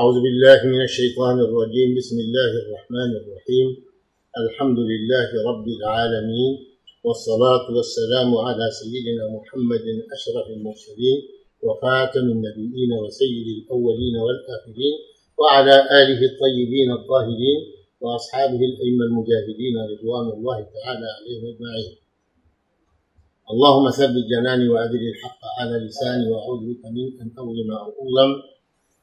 أعوذ بالله من الشيطان الرجيم بسم الله الرحمن الرحيم الحمد لله رب العالمين والصلاة والسلام على سيدنا محمد أشرف المرسلين وخاتم النبيين وسيد الأولين والآخرين وعلى آله الطيبين الطاهرين وأصحابه الأئمة المجاهدين رضوان الله تعالى عليهم أجمعين اللهم ثبت جناني وأذل الحق على لساني وأعوذ بك من أن أظلم أو أظلم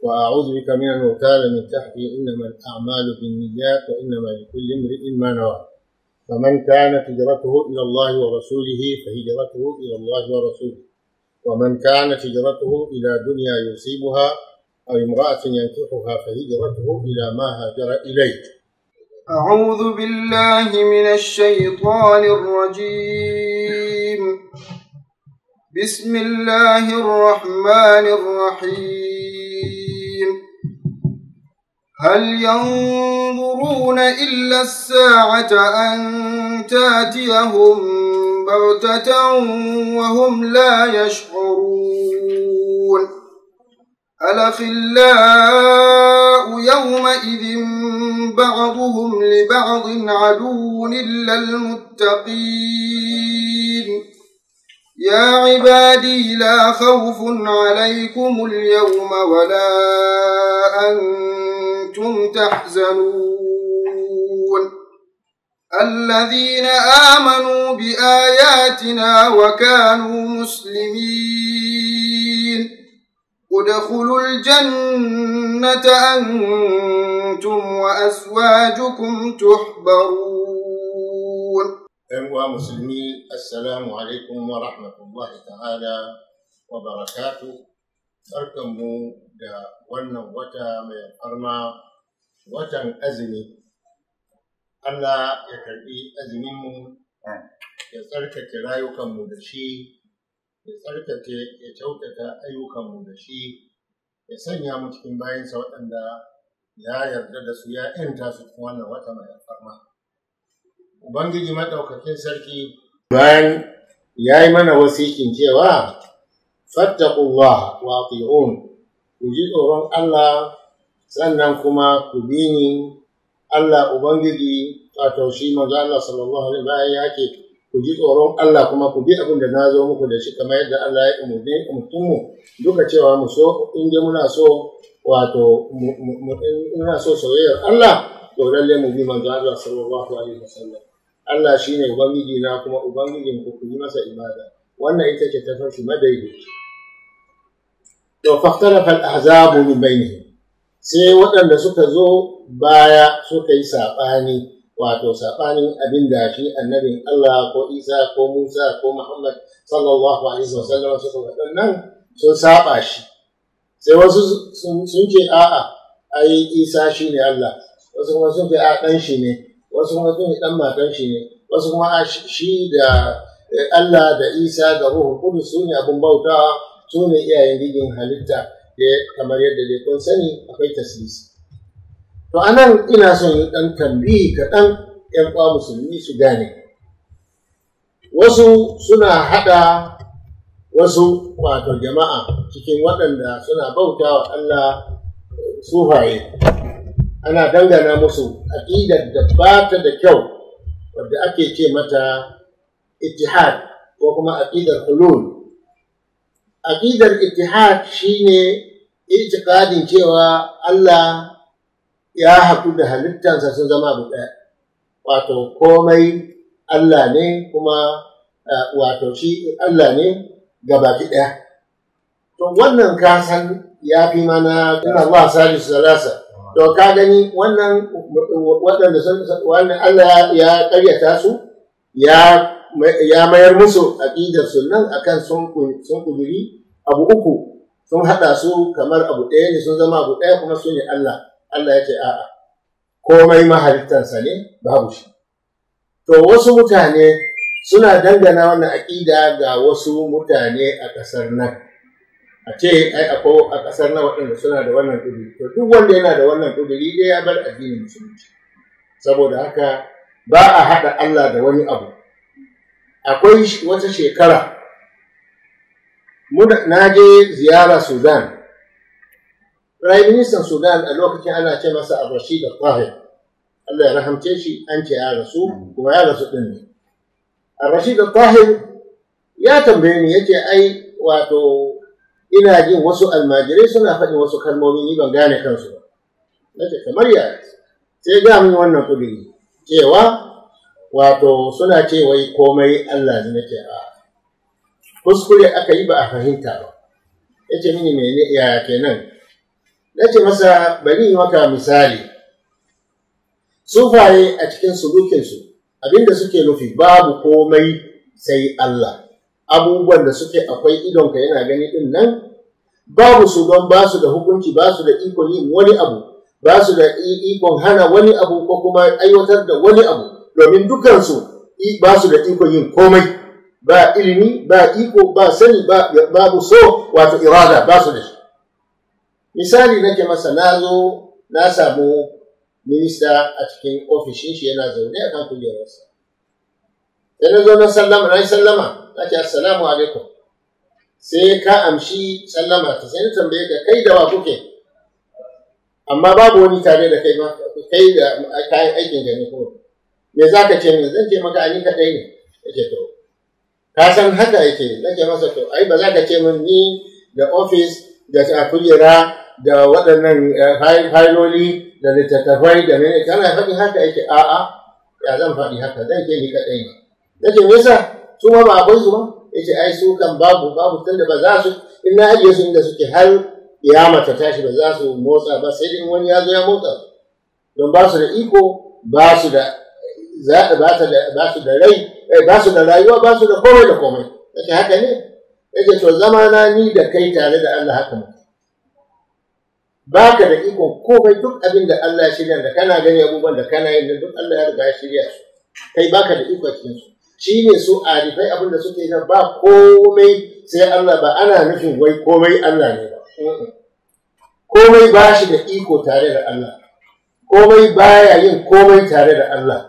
وأعوذ بك من المغتال من تحتي إنما الأعمال بالنيات وإنما لكل امرئ ما نوى فمن كانت هجرته إلى الله ورسوله فهجرته إلى الله ورسوله ومن كانت هجرته إلى دنيا يصيبها أو امرأة ينكحها فهجرته إلى ما هاجر إليه أعوذ بالله من الشيطان الرجيم بسم الله الرحمن الرحيم هل ينظرون إلا الساعة أن تاتيهم بغتة وهم لا يشعرون ألخلاء يومئذ بعضهم لبعض عدو إلا المتقين يا عبادي لا خوف عليكم اليوم ولا أنتم كنتم تحزنون الذين آمنوا بآياتنا وكانوا مسلمين ادخلوا الجنة أنتم وأزواجكم تحبرون أيها المسلمين السلام عليكم ورحمة الله تعالى وبركاته tsarkanmu da wannan wata mai farma watan azumi Allah ya karɓi azuminmu ya tsarkake rayukanmu da shi ya tsarkake ya kyautata ayyukanmu da shi ya sanya mu cikin bayansa waɗanda ya yarda da su ya ‘yanta su cikin wannan wata mai farma Ubangiji maɗaukakin sarki bayan ya yi mana wasikin cewa fattaqullaha wa ati'un ku ji tsoron Allah sannan kuma ku bi ni Allah ubangiji a taushi manzo Allah sallallahu alaihi wa ya ce ku ji tsoron Allah kuma ku bi abin da na zo muku da shi kamar yadda Allah ya umurne umurtun mu duka cewa mu so in dai muna so wato muna so soyayyar Allah to lalle mu bi manzo Allah sallallahu alaihi sallam Allah shine ubangiji na kuma ubangijin ku ku yi masa ibada wannan ita ce ta farki madaidaici to fahtalafa al'azabu min bainihim sai waɗanda suka zo baya suka yi saɓani wato saɓanin abin da shi annabin Allah ko Isa ko Musa ko Muhammad sallallahu alaihi wa sallam suka waɗannan sun saɓa shi sai wasu sun ce a'a ai Isa shi ne Allah wasu kuma sun ce a ɗan shi ne wasu kuma sun ce ɗan matan shi ne wasu kuma shi da eh, Allah da Isa da Ruhu Kudus su ne abin bautawa su ne iyayen rigin halitta da kamar yadda dai kun sani akwai tasisi. To anan ina son yi ɗan tambihi kaɗan ‘yan kwa musulmi su gane. Wasu suna haɗa wasu wato jama'a cikin waɗanda suna bauta wa Allah sufaye. Ana dangana musu aƙidar da ba ta da kyau wadda ake ce mata ittihad ko kuma aƙidar hulul aƙidar ittihad shine itikadin cewa Allah ya haɗu da halittansa sun zama abu ɗaya wato komai Allah ne kuma wato shi Allah ne gabaki ɗaya to wannan ka san ya fi mana ina ba salisu salasa to ka gani wannan waɗanda sun wannan Allah ya ƙaryata su ya mayar musu aƙidar sunan akan sun kuduri abu uku sun haɗa su kamar abu ɗaya ne sun zama abu ɗaya kuma su ne Allah Allah ya ce a'a komai mahalittansa ne babu shi to wasu mutane suna dangana wannan aƙida ga wasu mutane a ƙasar nan a ce ai akwai a ƙasar nan waɗanda suna da wannan ƙuduri to duk wanda yana da wannan ƙuduri dai ya bar addinin musulunci saboda haka ba a haɗa Allah da wani abu akwai wata shekara na je ziyara Sudan. Prime Minister Sudan a lokacin ana ce masa Abashi da Tahir. Allah ya rahamce shi an ce ya rasu kuma ya rasu ɗin ne. Abashi da ya tambaye ni yace ai wato ina jin wasu almajirai suna faɗin wasu kalmomi ni ban gane kansu ba. ce kamar ya sai ga min wannan kudiri cewa wato suna ce wai komai Allah ne nake a kuskure aka yi ba a fahimta ba ya ce mini mene yaya kenan na ce masa bari yi maka misali sufaye a cikin sulukinsu abinda suke nufi babu komai sai Allah abubuwan da suke akwai idonka yana gani din nan babu su don ba su da hukunci ba su da ikon yin wani abu ba su da ikon hana wani abu ko kuma aiwatar da wani abu domin dukansu ba su da ikon yin komai ba ilimi ba iko ba sani ba so wato irada ba su da shi misali nake masa na zo na samu minista a cikin ofishin shi yana zaune a kan kujerarsa sai na zo na sallama na yi sallama na ce assalamu alaikum sai ka amshi sallama ta sai na tambaye ka kai da wa kuke amma babu wani tare da kai ma kai da kayan aikin gani ko me za ka ce min zan ce maka ani kaɗai ne ya ce to ka san haka yake nake masa to ai ba za ka ce min ni da ofis da kujera da waɗannan hailoli eh, da littattafai da mene kana faɗi haka yake a'a ya zan faɗi haka zan ke ni kaɗai ne nake me yasa su ma ba akwai su ba yace ai su kan babu babu tunda ba za su in na ajiye su inda suke har ya mata tashi ba za su motsa ba sai in wani ya zo ya motsa don ba su da iko ba su da ba su da rai eh, ba su da rayuwa ba su da komai da komai yake haka ne yake to zama na ni da kai tare da Allah haka mutu ba ka da ikon komai duk abin da Allah ya shirya da kana gani abubuwan da kana yin da duk Allah ya riga ya shirya su kai ba ka da ikon cikin su shi ne su arifai abin da suke nan ba komai sai Allah ba ana nufin wai komai Allah ne ba komai ba shi da iko tare da Allah komai baya yin komai tare da Allah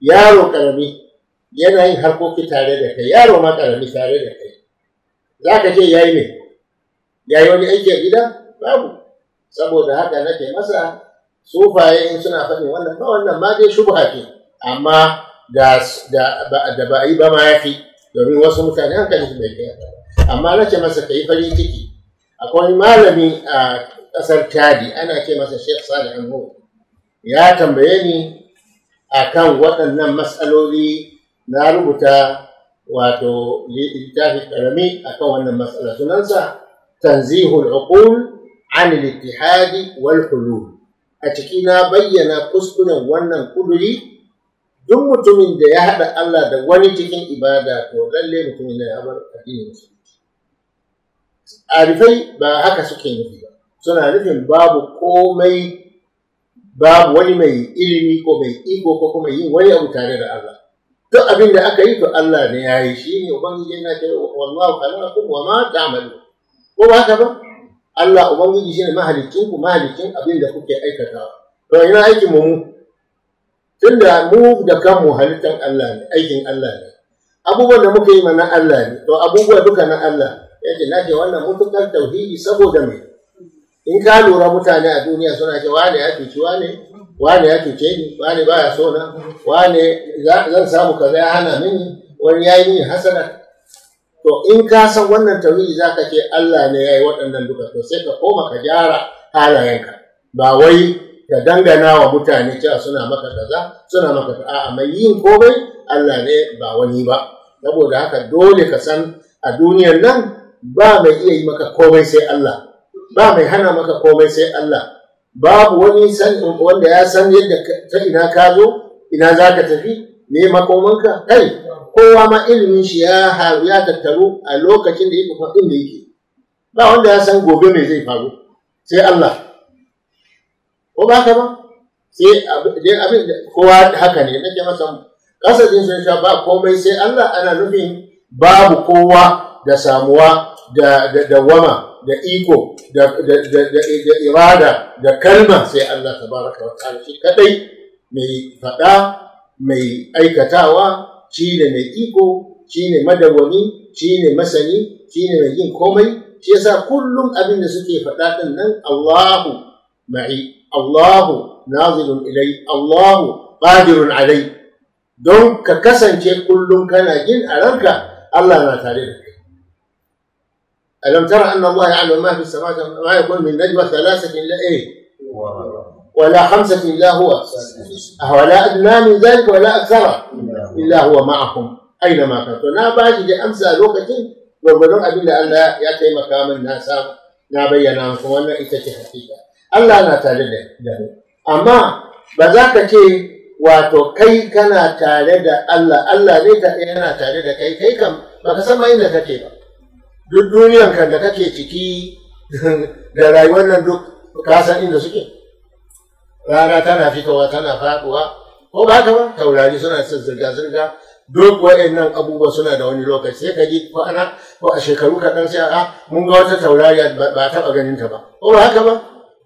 yaro karami yana yin harkoki tare da kai yaro ma karami tare da kai za ka ce ya yi ne ya yi wani aiki a gida babu saboda haka nake masa sufaye in suna faɗin wannan ba wannan ma dai shubha ce amma da ba a yi ba ma ya fi domin wasu mutane hankalin bai kai amma na ce masa ka yi farin ciki akwai malami a ƙasar tadi ana ce masa shek salih ya tambaye ni akan waɗannan matsaloli na rubuta wato littafi karami akan wannan matsala sunansa tanzihul uqul an littihadi wal hulul a ciki na bayyana kuskuren wannan kuduri duk mutumin da ya haɗa Allah da wani cikin ibada to lalle mutumin da ya bar addinin musulunci arifai ba haka suke nufi ba suna nufin babu komai babu wani mai ilimi ko mai iko ko kuma yin wani abu tare da Allah duk abin da aka yi to Allah ne ya yi shi ne ubangiji yana ce wallahu khalaqakum wa ma ta'malun ko ba haka ba Allah ubangiji shi ne mahalicin ku mahalicin abin da kuke aikata. to ina aikin mu tunda mu da kanmu halittar Allah ne aikin Allah ne abubuwan da muka yi mana Allah ne to abubuwa duka na Allah yake na ce wannan mutukar tauhidi saboda mai in ka lura mutane a duniya suna ce wane ya cuci wane wane ya cuce ni wane ba so na wane zan samu kaza ya hana mini wani ya yi mini hasana to in ka san wannan tawili za ka ce Allah ne ya yi waɗannan duka to sai ka koma ka gyara halayenka ba wai ka dangana wa mutane cewa suna maka kaza suna maka kaza a'a mai yin komai Allah ne ba wani ba saboda haka dole ka san a duniyar nan ba mai iya yi maka komai sai Allah ba mai hana maka komai sai Allah babu wani san wanda ya san yadda ta ina ka zo ina za ka tafi me makomanka kai kowa ma ilimin shi ya haru ya tattaru a lokacin da yake inda yake ba wanda ya san gobe me zai faru sai Allah ko ba ka ba sai abin kowa haka ne nake masa kasashen sun sha ba komai sai Allah ana nufin babu kowa da samuwa da dawama da iko da irada da kalma sai Allah tabaraka wa ta'ala shi kadai mai faɗa mai aikatawa shi mai iko shi ne madawwami shi masani shine mai yin komai shi yasa kullum abin da suke faɗa din nan Allahu ma'i Allahu nazirun ilai Allahu qadirun alai don ka kasance kullum kana jin a ranka Allah na tare da ألم ترى أن الله يعلم ما في السماوات ما يكون من نجوى ثلاثة إلا إيه؟ ولا خمسة إلا هو أهو لا أدنى من ذلك ولا أكثر إلا هو معهم أينما كنتم نا باجي لأمس ألوكة وبدون أدلة أن لا يأتي مكام الناس نا بينا أنكم وأن إتتي حقيقة ألا أنا تالي أما بذاك شيء واتو كي كنا تالي ألا ألا ليت أنا تالي كي كي كم ما كسم إنك كيفا duk duniyan kan da kake ciki da rayuwar nan duk kasan inda suke rana tana fitowa tana faduwa ko ba ka ba taurari suna son zirga-zirga duk waɗannan abubuwa suna da wani lokaci sai ka ji ko ana ko a shekaru kaɗan sai a ah, mun ga wata taurari ba taɓa ganin ta ba ko ba haka ba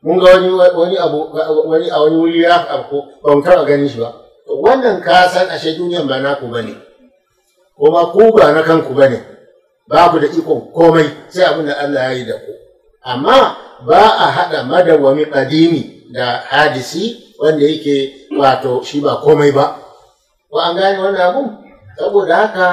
mun ga wani wani abu wani a wani wuri ya afko ba mu taɓa ganin shi ba wannan ka san ashe duniyan ba naku bane kuma ku ba na kanku bane babu da ikon komai sai abin da Allah ya yi da ku amma ba a haɗa madawami ƙadimi da hadisi wanda yake wato shi ba komai ba ko an gane wannan abun saboda haka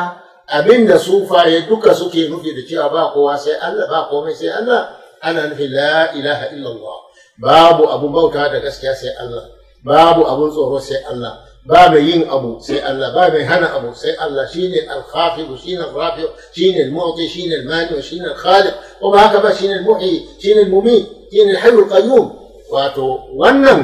abin da sufaye duka suke nufi da cewa ba kowa sai Allah ba komai sai Allah ana nufi la ilaha illallah babu abun bauta da gaskiya sai Allah babu abun tsoro sai Allah ba mai yin abu sai Allah ba mai hana abu sai Allah shine al-khafidu shine al-rafi'u shine al-mu'ti shine al-mani'u shine al-khaliq ko haka ba shine al-muhyi shine al-mumit shine al-hayyu qayyum wato wannan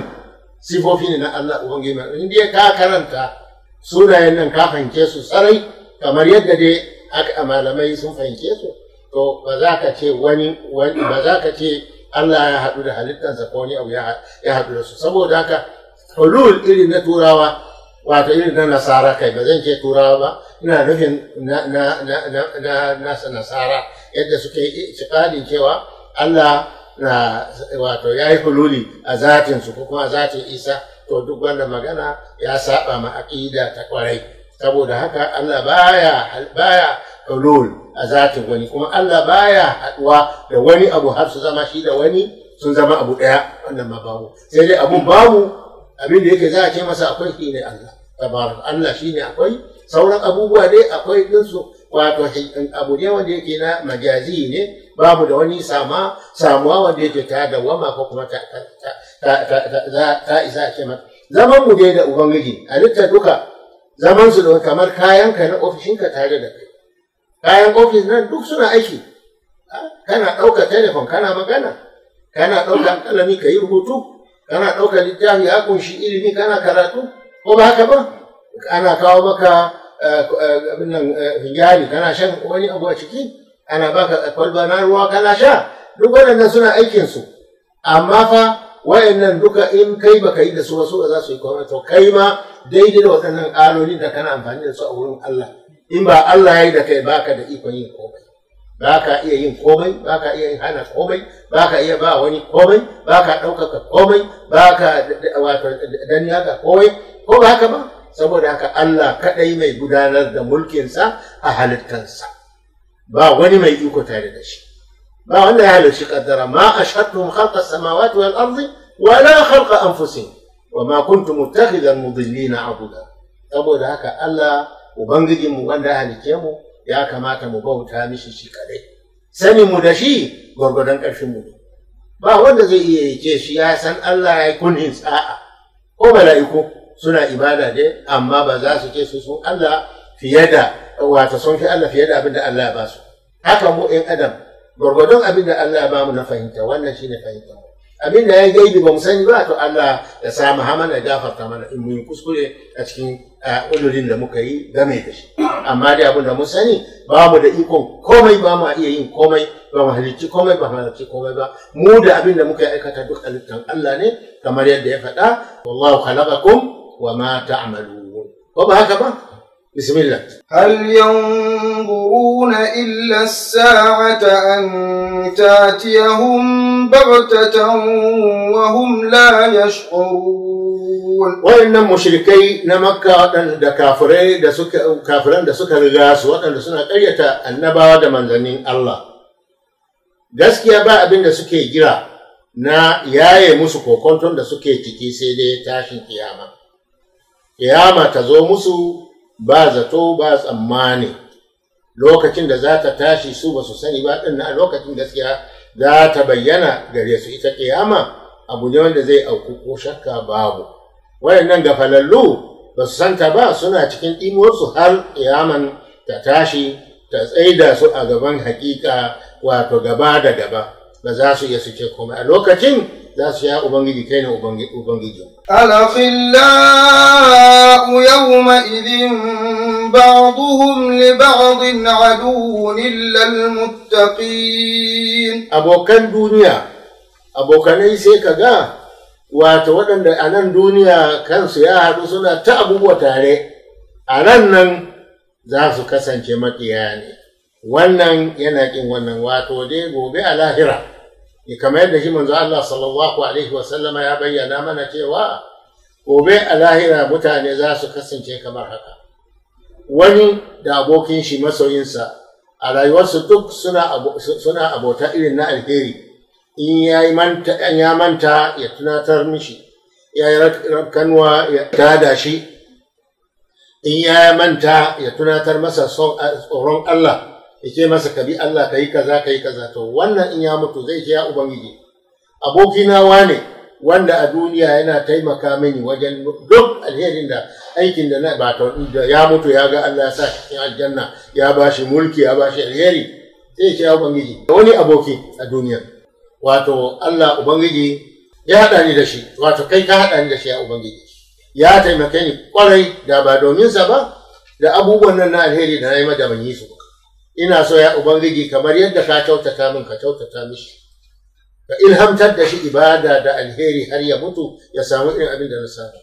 sifofi ne na Allah ubangiji mai in dai ka karanta sunayen nan ka fahimce su sarai kamar yadda dai aka malamai sun fahimce su to ba za ka ce wani ba za ka ce Allah ya haɗu da halittarsa ko wani abu ya haɗu da su saboda haka hulul irin na turawa wato irin na nasara kai ba zan ce turawa ba ina nufin na nasara yadda suke itikadin cewa Allah na wato ya yi hululi a zatin su ko kuma a zatin Isa to duk wannan magana ya saba ma aqida ta kwarai saboda haka Allah baya baya hulul a zatin wani kuma Allah baya haɗuwa da wani abu har su zama shi da wani sun zama abu ɗaya wannan ma babu sai dai abun babu abin da yake za a ce masa akwai shi ne Allah tabarak Allah shi ne akwai sauran abubuwa dai akwai dinsu wato abu ne wanda yake na majazi ne babu da wani sama samuwa wanda yake ta wama ko kuma ta ta ta, ta, isa a ce mata zaman mu dai da ubangiji a duka zaman su don kamar kayan ka na ofishin ka tare da kai kayan ofis nan duk suna aiki kana ɗaukar telefon kana magana kana ɗaukar kalami ka yi rubutu kana ɗaukar littafi ya kunshi ilimi kana karatu ko ba haka ba ana kawo maka eh, eh, abinnan eh, kana shan wani abu a ciki ana baka kwalba na ruwa kana sha duk waɗannan suna aikin su amma fa wayannan duka in kai baka yi da su wasu za su yi kuma to kai ma daidai da waɗannan ƙalolin da kana amfani da su a wurin Allah in ba Allah ya yi da kai baka da ikon yin komai ba ka iya yin komai ba ka iya yin hana komai ba ka iya ba wani komai ba ka ɗaukaka komai ba ka wato ya ga komai ko ba haka ba saboda haka Allah kaɗai mai gudanar da mulkin sa a halittansa ba wani mai iko tare da shi ba wanda ya halarci kaddara ma ashhadtum khalqa samawati wal ardi wa la khalqa anfusihim wa ma kuntum muttakhidan mudillina abuda saboda haka Allah ubangijinmu wanda ya mu ya kamata mu bauta mishi shi kadai sani mu da shi gwargwadon ƙarfin mu ba wanda zai iya yake shi ya san Allah ya kun sa'a ko mala'iku suna ibada ne amma ba za su ce su sun Allah fiye da wata sun fi Allah fiye da abin da Allah ya ba su haka mu ɗan adam gwargwadon abin da Allah ya ba mu na fahimta wannan shine fahimta abin da ya gaibi ba mu sani ba to Allah ya sa Muhammad da gafarta mana in mun kuskure a cikin ulurin da muka yi game da shi amma dai abin da mu sani ba mu da ikon komai ba mu iya yin komai ba mu halicci komai ba mu halicci komai ba mu da abin da muka aikata duk halittan Allah ne kamar yadda ya faɗa wallahu khalaqakum wa ma ta'malun ba haka ba بسم الله هل ينظرون إلا الساعة أن تأتيهم بغتة وهم لا يشعرون وإن مشركي نمكة دا كافرين دا سكا كافرين دا سكا رغاس وأن سنة قرية النبا دا منزنين الله gaskiya ba abin da suke jira na yaye musu kokonton da suke ciki sai dai tashin kiyama kiyama ta ba zato ba tsammani lokacin da za ta tashi su ba su sani ba ɗin na lokacin gaskiya za ta bayyana gare su ita kiyama abu ne wanda zai auku ko shakka babu waɗannan gafalallu ba su santa ba suna cikin ɗimuwarsu har kiyaman ta tashi ta tsaida su a gaban hakika wato gaba da gaba ba za su iya suke kuma komai a lokacin za su ya ubangiji kai ne ubangiji الأخلاء يومئذ بعضهم لبعض عدو إلا المتقين أبو كان دنيا أبو كان يسيك wato waɗanda a nan duniya kansu ya haɗu suna ta abubuwa tare a nan nan za su kasance maƙiya ne wannan yana ƙin wannan wato dai gobe a lahira kamar yadda shi manzo Allah sallallahu alaihi wasallama ya bayyana mana cewa gobe a lahira mutane za su kasance kamar haka wani da abokin shi masoyinsa a rayuwarsu duk suna abota irin na alheri in ya manta ya tunatar mishi ya yi rakanwa ya tada shi in ya manta ya tunatar masa tsoron Allah ya ce masa ka bi Allah ka yi kaza ka yi kaza to wannan in ya mutu zai ce ya ubangiji abokina wane wanda a duniya yana taimaka mini wajen duk alherin da aikin da na ba da ya mutu ya ga Allah ya sa cikin aljanna ya ba shi mulki ya ba shi alheri Zai ce ya ubangiji da wani aboki a duniya wato Allah ubangiji ya haɗa ni da shi wato kai ka haɗa ni da shi ya ubangiji ya taimake ni kwarai da ba domin sa ba da abubuwan nan na alheri da na yi madaban yi su ina so ya ubangiji kamar yadda ka kyautata min ka kyautata mishi ka ilhamtar da shi ibada da alheri har ya mutu ya samu irin abin da na samu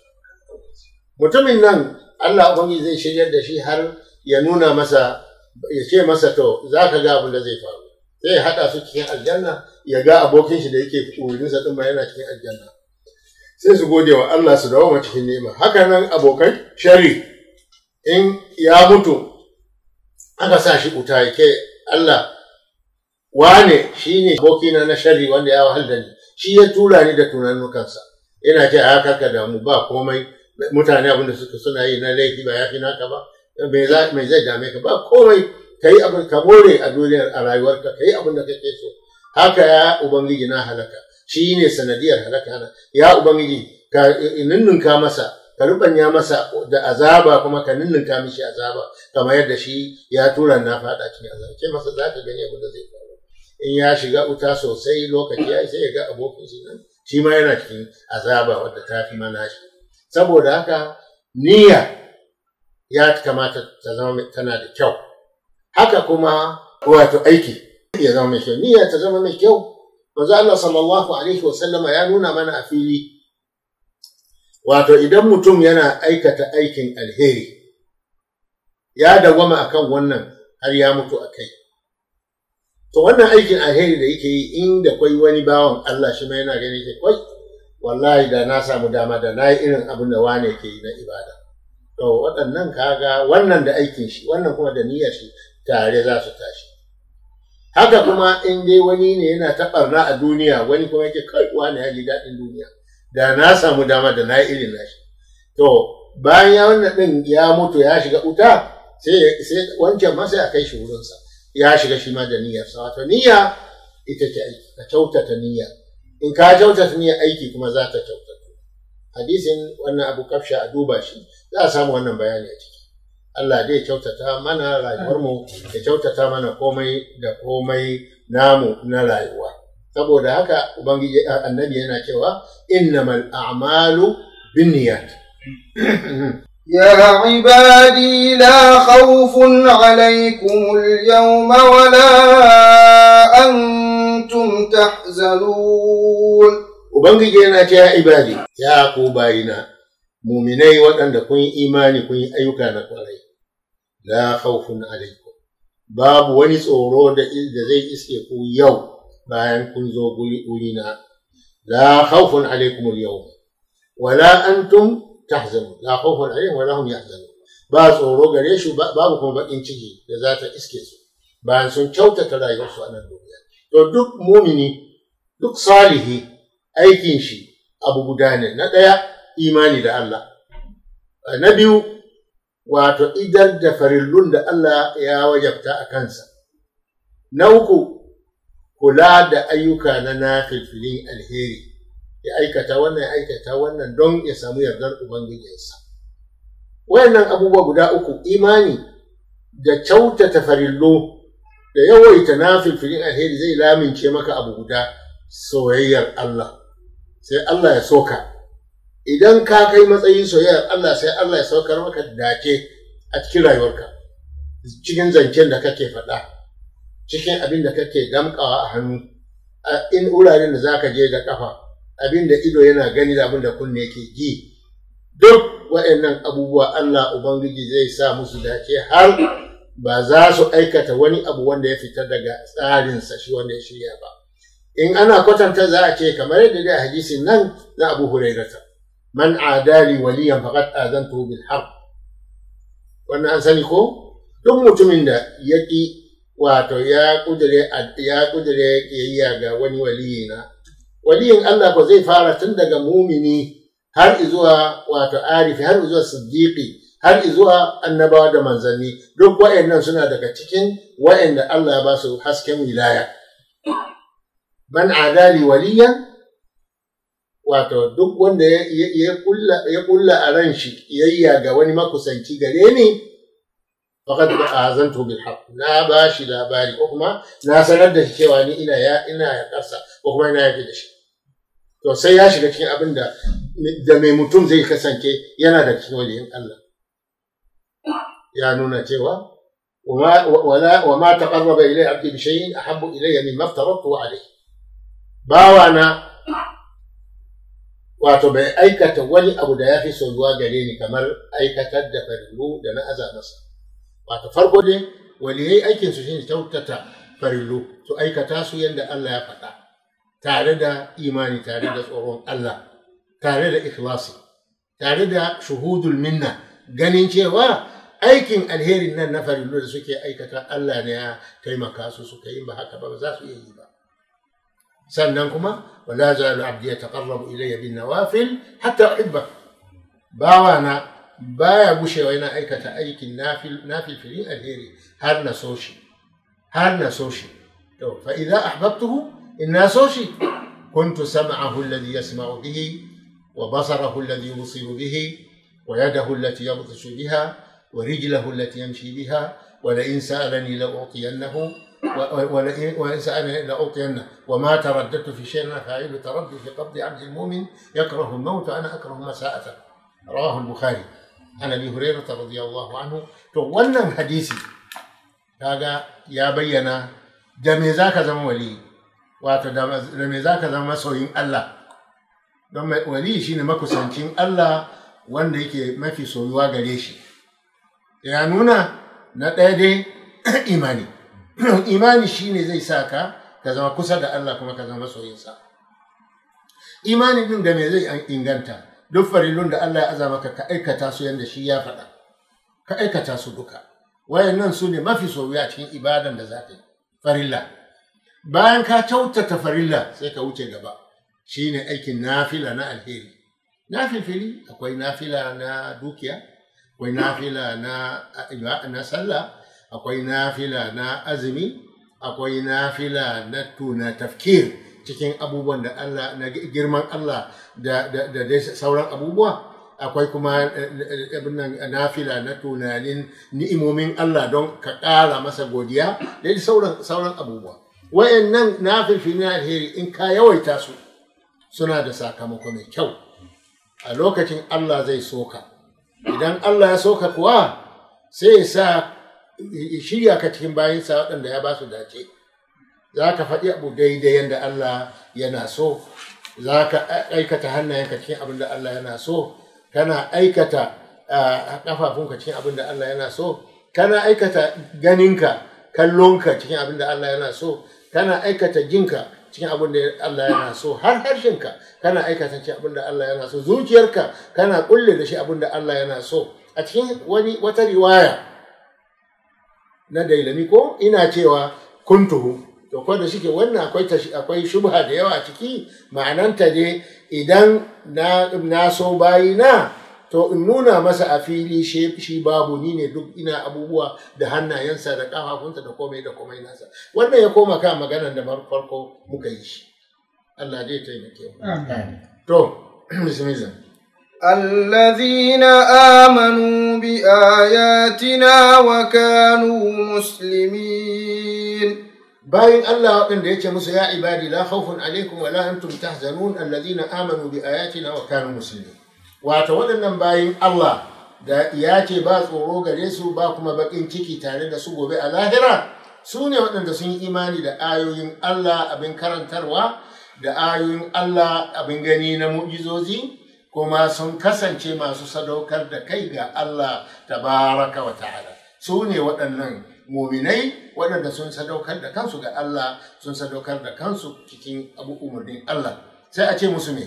mutumin nan Allah ubangiji zai shiryar da shi har ya nuna masa ya ce masa to za ka ga abin da zai faru sai ya haɗa su cikin aljanna ya ga abokin shi da yake umarninsa ɗin ma yana cikin aljanna sai su gode wa Allah su dawo cikin nema haka nan abokan shari in ya mutu aka sa shi wuta ya ke Allah wane shi ne abokina na shari wanda ya wahal da ni shi ya tura ni da tunanukansa Ina ce a haka damu ba komai mutane abin suka suna yi na laifi ba ya fi naka ba mai zai dame ka ba komai ka yi abin ka more a duniyar a rayuwarka ka yi abin da kake so haka ya ubangiji na halaka shi ne sanadiyar halaka ya ubangiji ka ninninka masa ka ya masa da azaba kuma ka ta mishi azaba kamar yadda shi ya tura na faɗa cikin azaba ke masa za ka gani abin da zai faru in ya shiga wuta sosai lokaci ya sai ya ga abokin shi nan shi ma yana cikin azaba wadda ta fi mana shi saboda haka niyya ya kamata ta zama tana da kyau haka kuma wato aiki ya zama mai kyau niyya ta zama mai kyau manzo Allah sallallahu alaihi wasallama ya nuna mana a fili wato idan mutum yana aikata aikin alheri ya dawama akan wannan har ya mutu a kai to wannan aikin alheri da yake yi inda kwai wani bawan Allah shi yana gani ke kwai wallahi da na samu dama da na yi irin abin da wane ke yi na ibada to waɗannan kaga wannan da aikin shi wannan kuma da niyyar shi tare za su tashi haka kuma in dai wani ne yana taɓarna a duniya wani kuma yake kai wani ya ji daɗin duniya da na samu dama da na iri irin nashi to bayan ya wannan din ya mutu ya shiga wuta sai wancan ma sai a kai shi wurinsa ya shiga shi ma da sa, wato niyya ita ce aiki ka kyautata niyya in ka kyautata niyya aiki kuma za ta kyautata hadisin wannan abu kafsha a duba shi za a samu wannan bayani a ciki Allah dai kyautata mana rayuwarmu ya kyautata mana komai da komai namu na rayuwa saboda haka ubangiji eh, annabi yana cewa innamal a'malu binniyat ibadi la لا خوف yawma wa la antum tahzanun Ubangiji yana cewa ibadi, ya ku bayina, muminai waɗanda kun yi imani kun yi ayyuka na ƙwarai, la khawfun alaykum babu wani tsoro da zai iske ku yau bayan kun zo wurina la khawfun alaikum al-yawm wala antum tahzanun la khawfun alaihim wala hum yahzanun ba tsoro gare shi babu kuma bakin ciki da za ta iske su bayan sun kyautata rayuwarsu a nan duniya to duk mumini duk salihi aikin shi abu guda ne na ɗaya imani da Allah na biyu wato idan da farillun da Allah ya wajabta a kansa na uku kula da ayyuka na nafilfilin alheri ya aikata wannan aikata wannan don ya samu yardar ubangijinsa wayannan abubuwa guda uku imani da kyautata farillo da yawaita nafilfilin alheri zai lamince maka abu guda soyayyar Allah sai Allah ya soka idan ka kai matsayin soyayyar Allah sai Allah ya saukar maka dace a cikin rayuwarka cikin zancen da kake faɗa cikin abin da kake damkawa a hannu a in wuraren da za ka je da kafa abin da ido yana gani da abin da kunne ke ji duk waɗannan abubuwa Allah Ubangiji zai sa musu dace har ba za su aikata wani abu wanda ya fitar daga tsarinsa shi wanda ya shirya ba in ana kwatanta za a ce kamar yadda da hadisin nan na Abu Hurairata man adali waliyan faqad azantu bil haqq wannan an sani ko duk mutumin da ya wato ya kudure ya kudure kiyayya ga wani waliyi na waliyin Allah ba zai fara tun daga mumini har izuwa wato arifi har izuwa siddiqi har izuwa annabawa da manzanni duk wa'annan suna daga cikin wa'anda Allah ya ba su hasken wilaya man adali waliyan wato duk wanda ya kulla a ran shi kiyayya ga wani makusanci gare ni faqad azantu bil haqq na ba shi labari ko kuma na sanar da shi cewa ni ina ya ina ya kasa ko kuma ina ya fi da shi to sai ya shiga cikin abin da da mai mutum zai kasance yana da cikin waliyin Allah ya nuna cewa وما ولا وما تقرب الي عبدي بشيء احب الي مما افترضته عليه na wato bai aikata wani abu da ya fi soyuwa gare ni kamar aikatar da farillu da na aza Wata farko dai yi aikin su shine kyautata farilu su aikata su yadda Allah ya faɗa tare da imani tare da tsoron Allah tare da ikhlasi tare da shuhudul minna ganin cewa aikin alherin nan na farillo da suke aikata Allah ne ya taimaka su suka yi ba haka ba za su iya yi ba sannan kuma wala zalu abdi yataqarrabu ilayya bin nawafil hatta uhibba bawana باي غوشي وين ايكتا ايكي نافل نافل في الهيري هار نسوشي هار نسوشي طيب فاذا احببته سوشي كنت سمعه الذي يسمع به وبصره الذي يبصر به ويده التي يبطش بها ورجله التي يمشي بها ولئن سالني لاعطينه ولئن سالني لاعطينه وما ترددت في شيء انا فاعل تردد في قبض عبد المؤمن يكره الموت انا اكره مساءته رواه البخاري an abi hurairah radiyallahu anhu to wannan hadisi kaga ya bayyana da me zaka zama wali wato da me zaka zama masoyin Allah don wali shine makusancin Allah wanda yake mafi soyuwa gare shi ya nuna na ɗaya dai imani imani shine zai sa ka ka zama kusa da Allah kuma ka zama masoyinsa imani din da me zai inganta duk farilun da Allah ya aza maka ka aikata su yadda shi ya faɗa ka aikata su duka wayannan su ne mafi a cikin ibadan da za ka yi farilla bayan ka kyautata farilla sai ka wuce gaba Shi ne aikin nafila na alheri nafifili akwai nafila na dukiya akwai nafila na na sallah akwai nafila na azumi akwai nafila na tuna tafkir cikin abubuwan da Allah na girman Allah da da sauran abubuwa akwai kuma eh, nafila na tunanin ni'imomin Allah don ka ƙara masa godiya da sauran sauran abubuwa wayannan na alheri in ka yawaita su suna da sakamako mai kyau a lokacin Allah zai soka idan Allah ya soka kuwa sai ya sa shirya ka cikin bayansa waɗanda ya ba su dace za ka faɗi abu daidai yadda Allah yana so za ka aikata hannayenka cikin abin da Allah yana so kana aikata ƙafafunka cikin abin da Allah yana so kana aikata ganinka kallonka cikin abin da Allah yana so kana aikata jinka cikin abin da Allah yana so har harshenka kana aikata cikin abin da Allah yana so zuciyarka kana kulle da shi abin da Allah yana so a cikin wani wata riwaya na dailami ko ina cewa kuntuhu to ko da shike wannan akwai akwai shubha da yawa ciki ma'ananta ne idan na na so bayi na to in nuna masa a fili shi babu ni ne duk ina abubuwa da hannayensa da kafafunsa da komai da komai nasa wannan ya koma kan maganar da farko muka yi shi Allah zai taimake mu to bismillah الذين آمنوا بآياتنا وكانوا مسلمين bayin Allah waɗanda ya ce musu ya ibadi la khawfun alaikum wa la antum tahzanun alladhina amanu bi ayatina wa kanu muslimin wato waɗannan bayin Allah da ya ce ba tsoro gare su ba kuma bakin ciki tare da su gobe a lahira su ne waɗanda sun yi imani da ayoyin Allah abin karantarwa da ayoyin Allah abin gani na mu'jizozi kuma sun kasance masu sadaukar da kai ga Allah tabaraka wa ta'ala su ne waɗannan muminai waɗanda sun sadaukar da kansu ga Allah sun sadaukar da kansu cikin abu umarnin Allah sai a ce musu me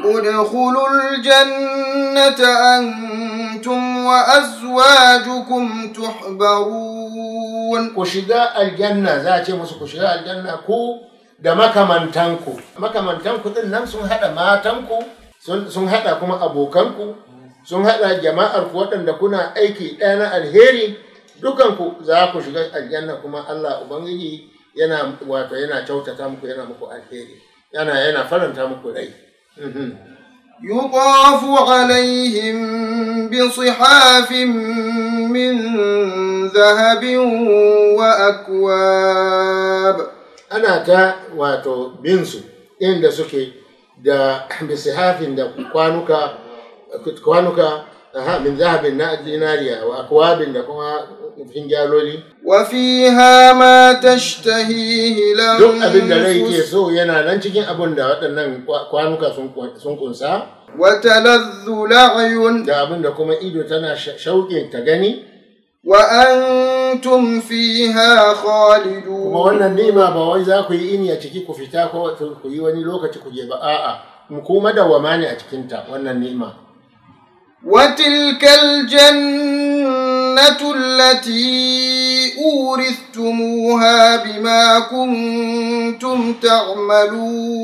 udkhulul jannata antum wa azwajukum tuhbarun ku shiga aljanna za a ce musu ku shiga aljanna ku da makamantanku makamantanku din nan sun hada matanku sun haɗa kuma abokanku sun haɗa jama'ar ku waɗanda kuna aiki ɗaya na alheri dukanku za ku shiga aljanna kuma Allah ubangiji yana wato yana kyautata muku yana muku alheri yana yana faranta muku rai يطاف عليهم بصحاف من ذهب وأكواب أنا تا واتو بنسو إن دا سكي دا بصحاف دا كوانوكا كوانوكا من ذهب ناريا وأكواب دا cikin Wafiha wa fiha ma tashtahihi lam duk abin da rai ke so yana nan cikin abin da waɗannan kwanuka sun kunsa wa taladdu ayun. da abin da kuma ido tana shauƙe ta gani wa antum fiha khalidun kuma wannan nema ba wai za ku yi ini a ciki ku fita ko ku yi wani lokaci ku je ba a'a mu kuma dawwama ne a cikinta wannan ni'ima وتلك الجنة التي أورثتموها بما كنتم تعملون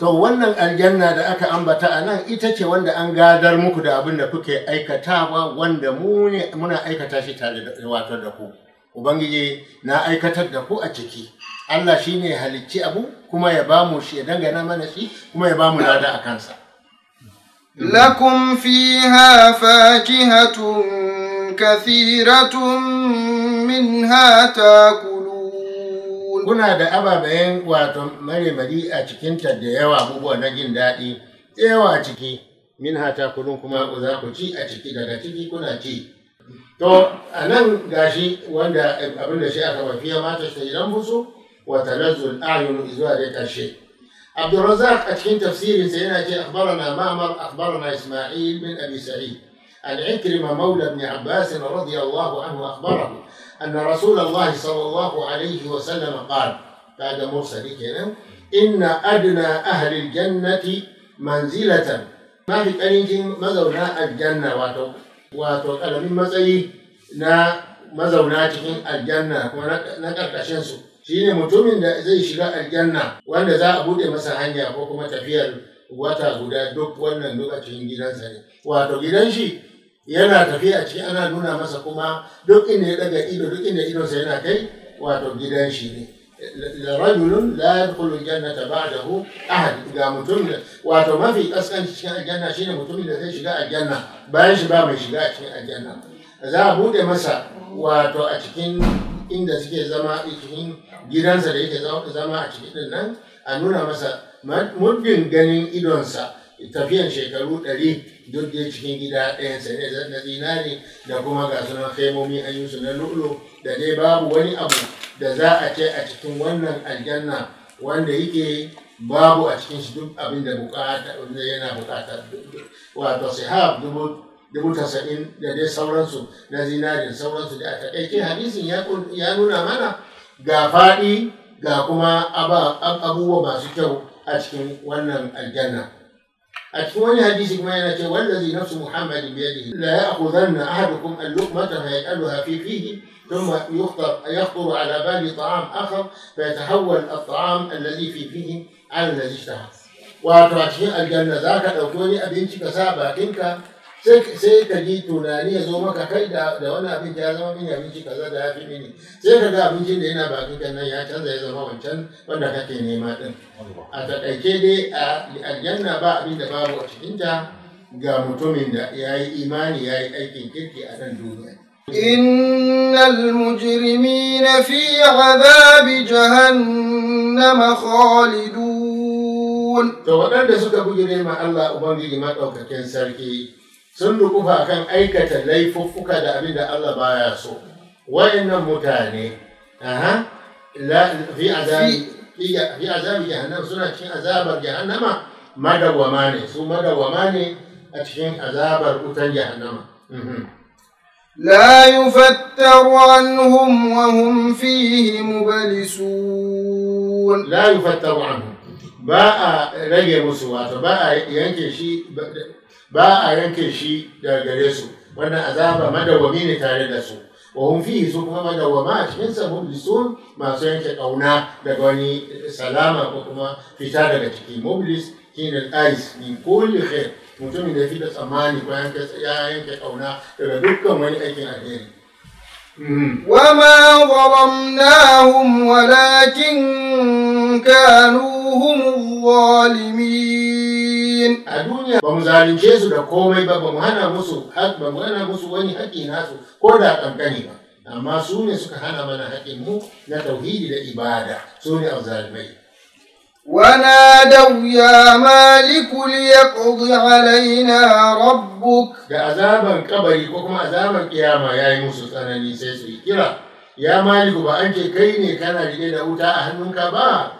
to wannan aljanna da aka ambata a nan ita ce wanda an gadar muku da abin da kuke aikatawa wanda mu ne muna aikata shi tare da wato da ku ubangiji na aikatar da ku a ciki Allah shine halicci abu kuma ya bamu shi ya dangana mana shi kuma ya bamu lada a kansa لكم فيها فاكهة كثيرة منها تاكلون kuna da ababen wato marmari a cikinta da yawa abubuwa na jin daɗi da yawa a ciki min hata kulun kuma za ku ci a ciki daga ciki kuna ci to a nan gashi wanda abin da shi aka mafiya mata shi idan busu wa talazzul ayun zuwa dai karshe عبد الرزاق أتحين تفسير سيدنا أخبرنا معمر أخبرنا إسماعيل بن أبي سعيد عن عكرمة مولى ابن عباس رضي الله عنه أخبره أن رسول الله صلى الله عليه وسلم قال بعد مرسل كنا إن أدنى أهل الجنة منزلة ما في كلمة مزونا الجنة واتو واتو من مزي نا مزوناتهم الجنة ونكر كشنسو shine mutumin da zai shiga aljanna wanda za a buɗe masa hanya ko kuma tafiyar wata guda duk wannan lokacin gidansa ne wato gidan shi yana tafiya ce ana nuna masa kuma duk inda ya daga ido duk inda idonsa yana kai wato gidan shi ne rajulun la yadkhulu aljannata ba'dahu ahad ga mutum wato mafi kaskanci cikin aljanna shine mutumin da zai shiga aljanna bayan shi ba mai shiga a cikin aljanna za a bude masa wato a cikin inda suke zama a cikin gidansa da yake zama a cikin din nan a nuna masa muddin ganin idonsa tafiyan shekaru ɗari duk dai cikin gida ɗayansa ne na zinari da kuma ga suna kaimomi an yi su na lulu da dai babu wani abu da za a ce a cikin wannan aljanna wanda yake babu a cikin shi duk abin da yana bukatar wato sihab dubu dubu tasa'in da dai sauransu na zinari sauransu da aka ɗauke hadisin ya nuna mana ga faɗi ga kuma abubuwa masu kyau a cikin wannan aljanna a cikin wani hadisi kuma yana ce wallazi nafsu muhammadin biyadihi la na ahadukum al-luqmata fa yaqaluha fi fihi ثم يخطر يخطر على بال طعام اخر فيتحول الطعام الذي في فيه على الذي اشتهى wato a cikin aljanna za ka ɗauki wani abinci ka sa bakinka sai ka ji tunani ya zo maka kai da wani abin ya zama mini abinci kaza da ya fi mini sai ka ga abincin da yana bakin kan nan ya canza ya zama wancan wanda kake nema din a taƙaice dai a aljanna ba abin da babu a cikinta ga mutumin da ya yi imani ya yi aikin kirki a nan duniya إن المجرمين في عذاب جهنم خالدون. To waɗanda suka bujire ma Allah Ubangiji maɗaukakin sarki sun dukufa kan aikata laifuffuka da abin da Allah baya so wayannan mutane aha la fi azabi fi azabi jahannam suna cikin azabar jahannama madawama ne su madawama ne a cikin azabar wutan jahannama لا يفتر عنهم وهم فيه Ba a rage musu wato, ba a yanke shi. ba a yanke shi da gare su wannan azaba madawwami ne tare da su wa hun fi su kuma madawwama a cikin sa mublisun masu yanke kauna daga wani salama ko kuma fita daga ciki mobilis kinan ais ni ko khair mutumin da fi da tsammani ko yanke kauna daga dukkan wani aikin alheri وما ظلمناهم ولكن كانوا هم الظالمين a duniya ba mu zalunce su da komai ba mu hana musu wani haƙƙi nasu ko da kankani ba amma su ne suka hana mana haƙƙin mu na tauhidi da ibada su ne azzalimai ونادوا يا مالك ليقض علينا ربك da azaban ƙabari ko kuma azaban kiyama yayi musu tsanani sai su kira ya maliku ba an ce kai ne kana rike da wuta a hannunka ba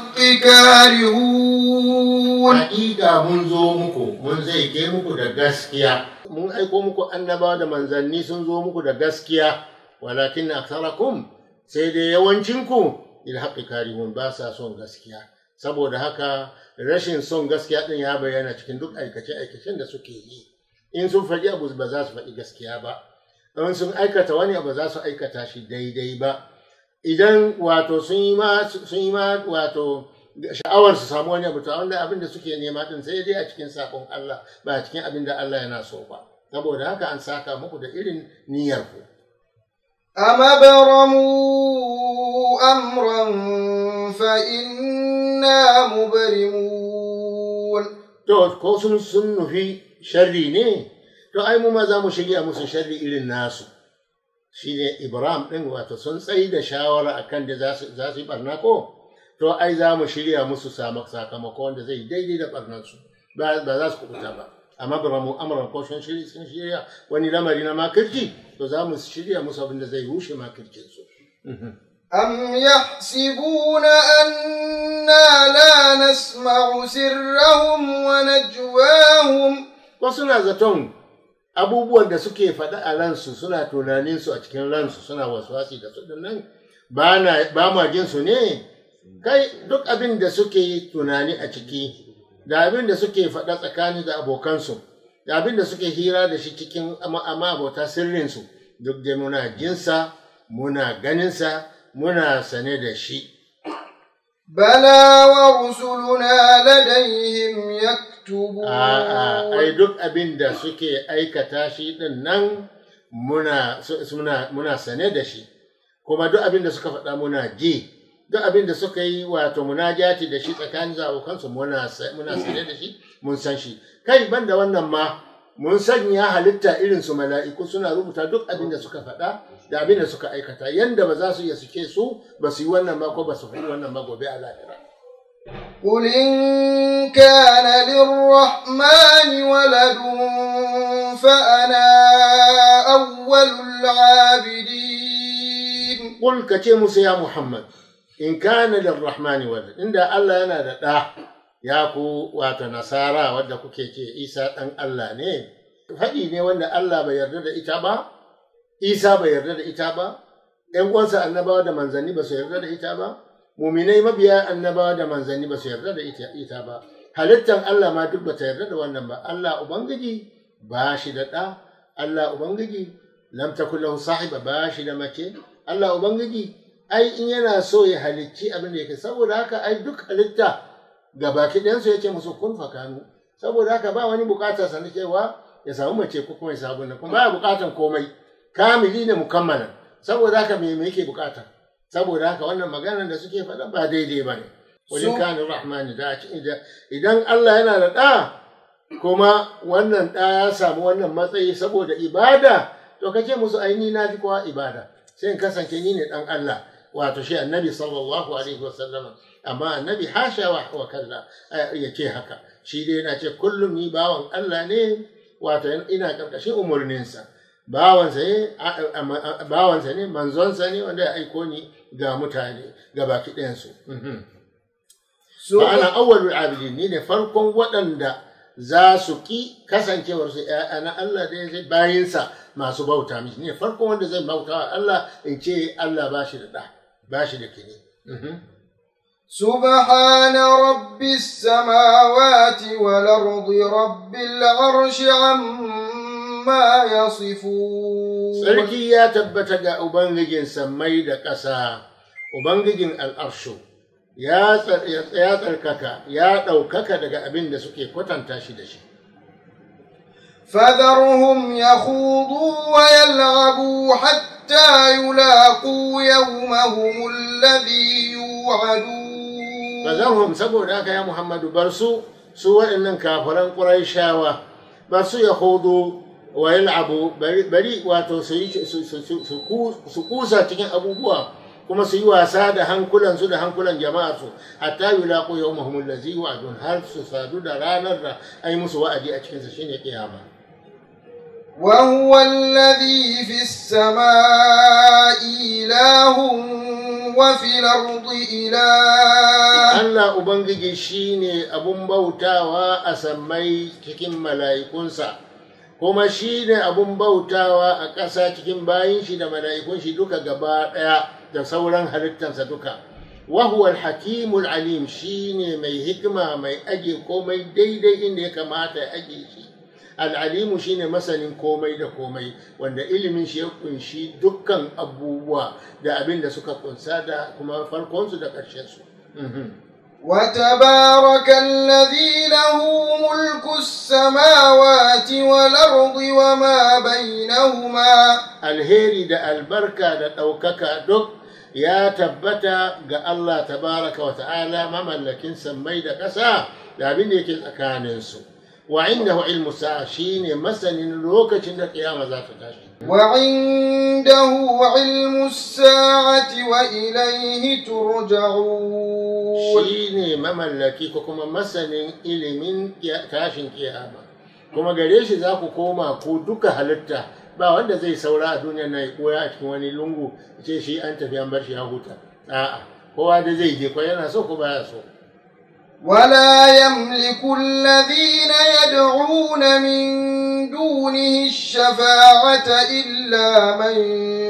haqqi karihun haƙiƙa mun zo muku mun zai ke muku da gaskiya mun aiko muku annaba da manzanni sun zo muku da gaskiya walakin aksarakum sai dai yawancinku il haƙi karihun ba sa son gaskiya saboda haka rashin son gaskiya ɗin ya bayyana cikin duk aikace-aikacen da suke yi in sun faɗi abu ba za su faɗi gaskiya ba in sun aikata wani abu za su aikata shi daidai ba idan wato sun yi ma wato sha'awar su samu wani abu wanda abin da suke nema din sai dai a cikin sakon Allah ba a cikin abin da Allah yana so ba saboda haka an saka muku da irin niyyar ku amma baramu amran fa inna mubarimun to ko sun sun nufi sharri ne to ai mu ma za mu shirya musu sharri irin nasu shi ne Ibrahim ɗin wato sun tsayi da shawara a kan da za su yi ɓarna ko to ai za mu shirya musu sakamako wanda zai daidai da ɓarnansu ba za su kubuta ba amma ba mu amuran ko sun shirya wani lamari na makirci to za mu shirya musu abin da zai rushe makircinsu. أم يحسبون أنا لا نسمع سرهم ونجواهم زتون abubuwan da suke faɗa a ransu suna tunanin a cikin ransu suna wasuwasi da su nan ba ma jin su ne kai duk abin da suke tunani a ciki da abin da suke faɗa tsakani da abokansu da abin da suke hira da shi cikin amma abota sirrinsu duk da muna jinsa muna ganinsa muna sane da shi bala wa rusuluna ladayhim yak tubu a'a ai duk abin da suke aikata shi din nan muna muna muna sane da shi kuma duk abin da suka faɗa muna ji duk abin da suka yi wato munajati da shi tsakanin zaɓukansu muna sane da shi mun san shi kai ban da wannan ma mun sanya halitta irin su mala'iku suna rubuta duk abin da suka faɗa da abin da suka aikata yanda ba za su iya suke su ba su yi wannan ba ko ba su faɗi wannan ba gobe a lahira قل إن كان للرحمن ولد فأنا أول العابدين قل كتيمس يا محمد إن كان للرحمن ولد إن الله أنا دا ya ku wata nasara wadda kuke ce isa ɗan Allah ne faɗi ne wanda Allah bai yarda da ita ba isa bai yarda da ita ba ‘yan uwansa annabawa da manzani ba su yarda da ita ba muminai mabiya annabawa da manzanni ba su yarda da ita ba halittar Allah ma duk ba ta yarda da wannan ba Allah ubangiji ba shi da ɗa Allah ubangiji lam ta lahu sahiba ba shi da mace Allah ubangiji ai in yana so ya halicci abin da yake saboda haka ai duk halitta ga baki ɗayansu yake musu kun fakanu saboda haka ba wani bukata sanin cewa ya samu mace ko kuma ya samu na kuma ba bukatan komai kamili da mukammala saboda haka me yake bukata saboda haka wannan maganar da suke faɗa ba daidai ba ne wajen kanin rahmani da idan Allah yana da ɗa kuma wannan ɗa ya samu wannan matsayi saboda ibada to ka ce musu aini na fi kowa ibada sai in kasance ni ne ɗan Allah wato shi annabi sallallahu alaihi Sallama. amma annabi hasha wa kalla eh, ya ce haka shi dai yana ce kullum ni bawan Allah ne wato ina ƙarƙashin umarninsa bawansa ne manzonsa ne wanda ya aiko ni ga mutane ga baki ɗayansu ba mhm. ana awwalul abidin ni ne farkon waɗanda za su ki kasancewar su ‘ya'ya na Allah da zai bayansa masu bauta mishi ne farkon wanda zai bauta wa Allah in ce Allah ba shi da ɗa ba shi da kini. سبحان رب السماوات والأرض رب العرش عما amma yasifun sarki ya tabbata ga ubangijin sammai da ƙasa ubangijin al'arsho ya tsarkaka ya ɗaukaka daga abin da suke kwatanta shi da shi فذرهم يخوضوا ويلعبوا حتى يلاقوا يومهم الذي يوعدون فذرهم سبو ذاك يا محمد برسو سوى إن كافرا قريشاوة برسو يخوضوا wa abu bari wato su kusa cikin abubuwa kuma su yi wasa da hankulan su da hankulan jama'a su hatta yulaqu yawmahum allazi wa'adun har su sadu da ranar da ai musu wa'adi a cikin su shine kiyama وهو الذي في السماء إله وفي الأرض إله الله أبنجي شيني أبن kuma shi ne abun bautawa a ƙasa cikin bayin shi da mala'ikun shi duka gaba ɗaya da sauran halittarsa duka wahuwar hakimul alim shi ne mai hikima mai age komai daidai inda ya kamata ya shi al'alimu shi ne masanin komai da komai wanda ilimin shi ya kunshi dukkan abubuwa da abin da suka kunsa da kuma farkonsu da ƙarshensu. Mhm. وتبارك الذي له ملك السماوات والأرض وما بينهما الهيري دا البركة دا توككا دك يا تبتا غا الله تبارك وتعالى مملكين سمي دا قسا لا بني كي تسكانين سو وعنده علم الساعة شيني مسن لوكاشين دا قيامة ذات تاشي وعنده علم الساعة وإليه ترجعون شيني مملكي كما مثلا إلمين تاشن كياما كما قريش ذاكو كوما كودوك هلتا ba wanda zai saura a duniyar na koya a cikin wani lungu ce shi an tafi an bar shi ya huta a'a kowa da zai je ko yana so ko baya so ولا يملك الذين يدعون من دونه الشفاعة إلا من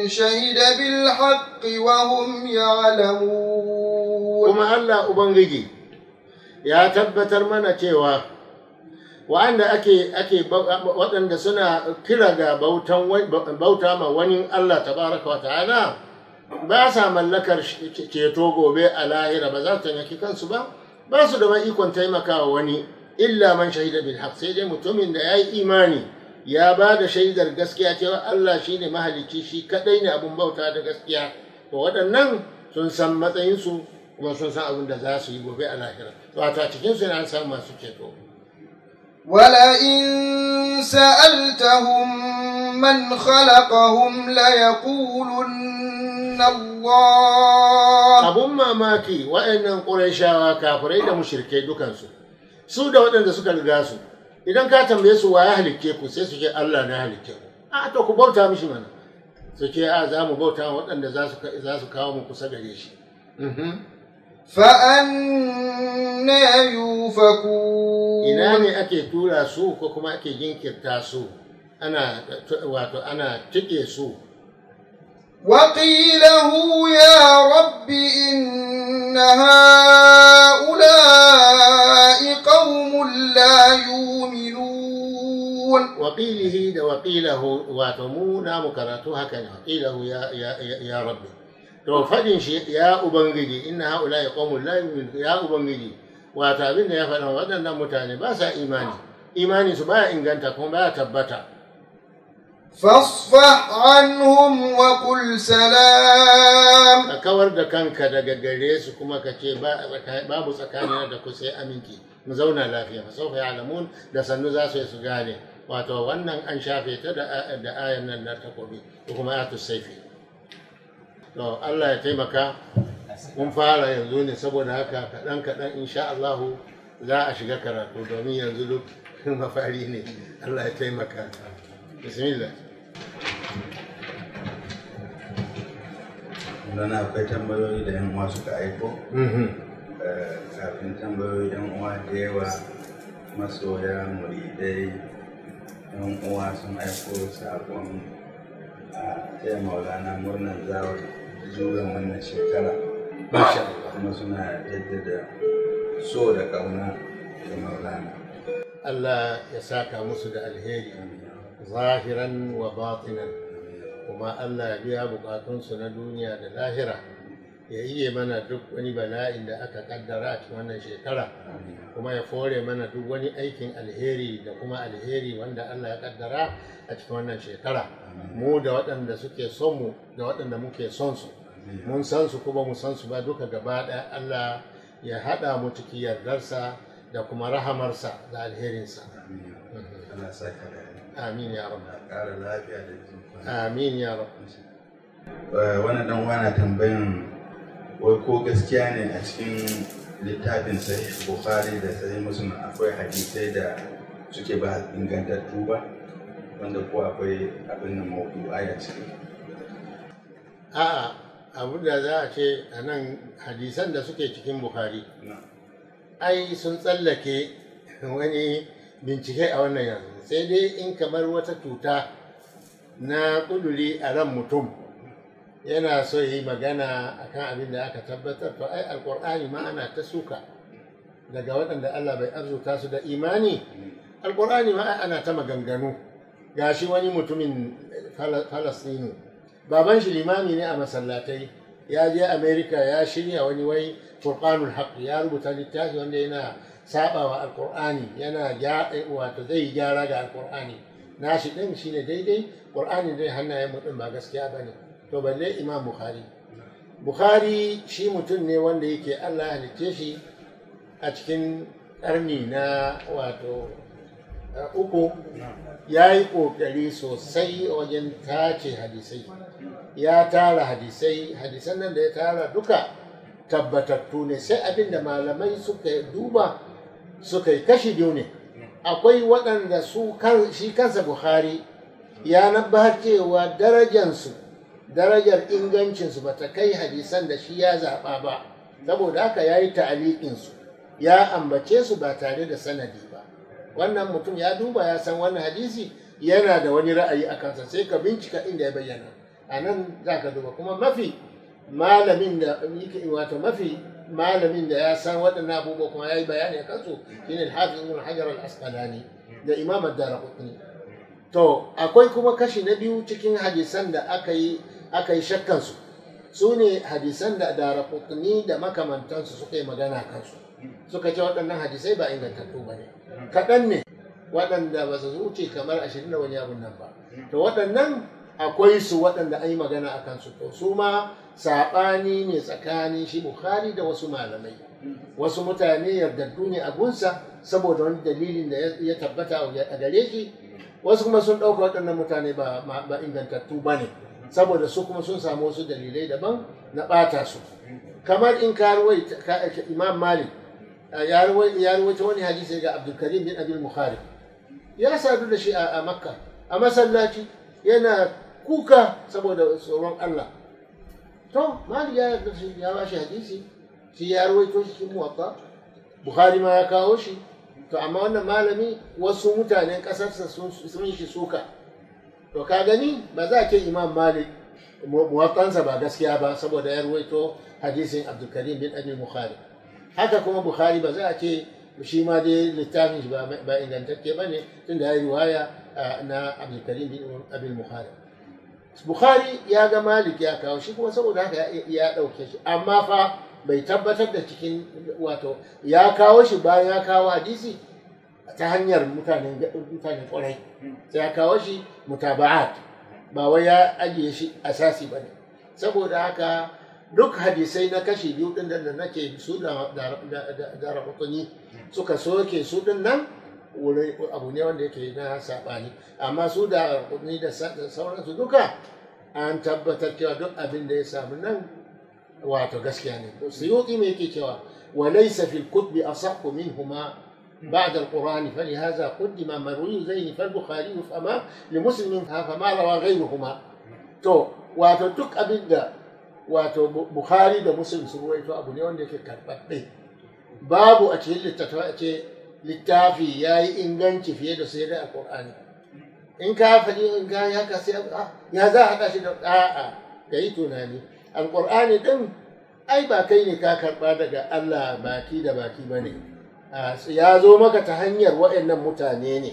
شهد بالحق وهم يعلمون كما الله أبنغيجي يا تبتر من تيوا wa'anda ake waɗanda suna kira ga bauta ma wani Allah tabaraka wa ta'ala ba sa mallakar ceto gobe a lahira ba za ta yanki kansu ba ba su da ma ikon wa wani illa man shahida bil haq sai dai mutumin da yayi imani ya ba da shaidar gaskiya cewa Allah shine mahalicci shi kadai ne abun bauta da gaskiya to waɗannan sun san matsayinsu kuma sun san abin da za su yi gobe a lahira to a cikin su ne an samu masu ceto wala in سألتهم من خلقهم ليقولن الله abun mamaki wa'annan qurayshawa kafirai da mushrikai dukansu su da waɗanda suka riga su idan ka tambaye su waye halikke ku sai su ce Allah na halikke ku a to ku bauta mishi mana su ce a za mu bauta waɗanda za su kawo mu kusa gare shi mhm. فأنا يوفكون إنا أكي ake سو su أكي kuma ake jinkirta su ana wato ana وقيله يا رب إن هؤلاء قوم لا يؤمنون وقيله وقيله واتمونا مكرته هكذا وقيله يا, يا, يا, يا رب to faɗin shi ya ubangiji inna haula ya qawmun ya ubangiji wato abin da ya faɗa waɗannan mutane ba sa imani imani su baya inganta kuma baya tabbata fasfa anhum wa kul salam ka kawar da kanka daga gare su kuma ka ce babu tsakanin da ku sai aminci mu zauna lafiya fa sawfa ya'lamun da sannu za su yi su gane wato wannan an shafe ta da ayan nan na takobi ko kuma ya saifi to Allah ya taimaka mun fara yanzu ne saboda haka kaɗan kaɗan insha Allahu za a shiga karatu domin yanzu duk mafari ne Allah ya taimaka bismillah Rana akwai tambayoyi da yan uwa suka aiko mm-hmm. eh, kafin tambayoyi yan uwa da yawa masoya muridai yan uwa sun aiko sabon a ah, taya maulana murnar zawar zuwan wannan shekara insha kuma suna jaddada so da kauna da maulana Allah ya saka musu da alheri zahiran wa batinan kuma Allah ya biya bukatunsu na duniya da lahira ya yiye mana duk wani bala'in da aka kaddara a cikin wannan shekara kuma ya fore mana duk wani aikin alheri da kuma alheri wanda Allah ya kaddara a cikin wannan shekara mu da waɗanda suke son mu da waɗanda muke son su mun san su kuma mu san su ba duka gaba ɗaya Allah ya haɗa mu ciki yardarsa da kuma rahamarsa da alherinsa amin ya rabu amin ya rabu eh, wannan dan wana tambayin wai ko gaskiya ne a cikin littafin sai bukhari da sai musu akwai hadisai da suke ba ingantattu ba wanda ko akwai abin da mawdu'ai a ciki a'a abu da za a ce a nan hadisan da suke cikin bukhari ai sun tsallake wani bincike a wannan yanzu sai dai in kamar wata cuta na kuduri a ran mutum yana so yi magana akan abin da aka tabbatar to ai alkur'ani ma ana ta suka daga waɗanda Allah bai arzuta su da imani alkur'ani ma ana ta maganganu Ga shi wani mutumin Falasɗinu. baban shi limami ne a masallatai ya je Amerika ya shirya wani wai furqanul haq ya rubuta littafi wanda yana sabawa alkur'ani yana wato zai gyara ga alkur'ani nashi din shine daidai qur'ani dai hannayen mutum ba gaskiya bane to balle imam bukhari bukhari shi mutum ne wanda yake allah halitte shi a cikin ƙarni na wato eh, uku ya yi ƙoƙari sosai wajen tace hadisai ya tara hadisai hadisan nan da ya tara duka tabbatattu ne sai abin da malamai suka duba suka yi kashi biyu ne akwai waɗanda su shi kansa buhari ya nabbar cewa darajansu darajar ingancinsu ba ta kai hadisan da shi ya zaɓa ba saboda haka ya yi ta'alikinsu, ya ambace su ba tare da sanadi ba wannan mutum ya duba ya san wannan hadisi yana da wani ra'ayi a kansa sai ka bincika inda ya bayyana a nan za ka duba kuma mafi malamin da wato mafi malamin da ya san waɗannan abubuwa kuma ya yi bayani a kansu shine hafiz ibn al-asqalani da imam ad-darqutni to akwai kuma kashi na biyu cikin hadisan da aka yi aka yi shakkansu su ne hadisan da darakutni da makamantansu suka yi magana kansu suka ce waɗannan hadisai ba ingantattu ba ne kaɗan ne waɗanda ba su wuce kamar ashirin da wani abun nan ba Da waɗannan akwai su waɗanda an yi magana a kansu to su ma saɓani ne tsakanin shi bukhari da wasu malamai wasu mutane yardaddu ne a gunsa saboda wani dalilin da ya tabbata a gare shi wasu kuma sun ɗauka waɗannan mutane ba ingantattu ba ne saboda su kuma sun samu wasu dalilai daban na bata su kamar in ka ruwaita imam mali. ya ruwaita wani hadisi ga abdulkarim bin abin mukhari ya sadu da shi a makka a masallaci yana kuka saboda tsoron allah to mali ya ya ba shi hadisi shi ya ruwaito shi cikin muwatta bukhari ma ya kawo shi to amma wannan malami wasu mutanen kasarsa sun yi shi suka to ka gani ba za ce imam malik muwattansa ba gaskiya ba saboda ya ruwaito hadisin abdulkarim bin abi bukhari haka kuma bukhari ba za a ce shi ma dai littafin shi ba ingantacce ba ne tun da ya yi waya na abdulkarim bin abi bukhari bukhari ya ga malik ya kawo shi kuma saboda haka ya ɗauke shi amma fa bai tabbatar da cikin wato ya kawo shi bayan ya kawo hadisi ta hanyar mutanen mutane kwarai hmm. sai ya kawo shi mutaba'at ba wai ya ajiye shi asasi ba ne saboda haka duk hadisai na kashi biyu din da nake su da rahotanni hmm. suka soke su din nan wurin abu ne wanda yake na sabani amma su da rahotanni da sauransu duka an tabbatar cewa duk abin da ya samu nan wato gaskiya ne yi me yake cewa wa laysa fil kutubi asaqu minhuma بعد القرآن فلهذا قدم مروي زين فالبخاري فما لمسلم فما روى غيرهما تو wato duk abin da wato bukhari da muslim sun ruwaito abu ne wanda yake karɓaɓɓe babu a cikin littattafa a ce littafi ya yi inganci fiye da sai da alƙur'ani in ka faɗi in ka yi haka sai ya za a haɗa shi da ka yi tunani alƙur'ani ɗin ai ba kai ne ka karɓa daga allah baki da baki ba ne ya zo maka ta hanyar waɗannan mutane ne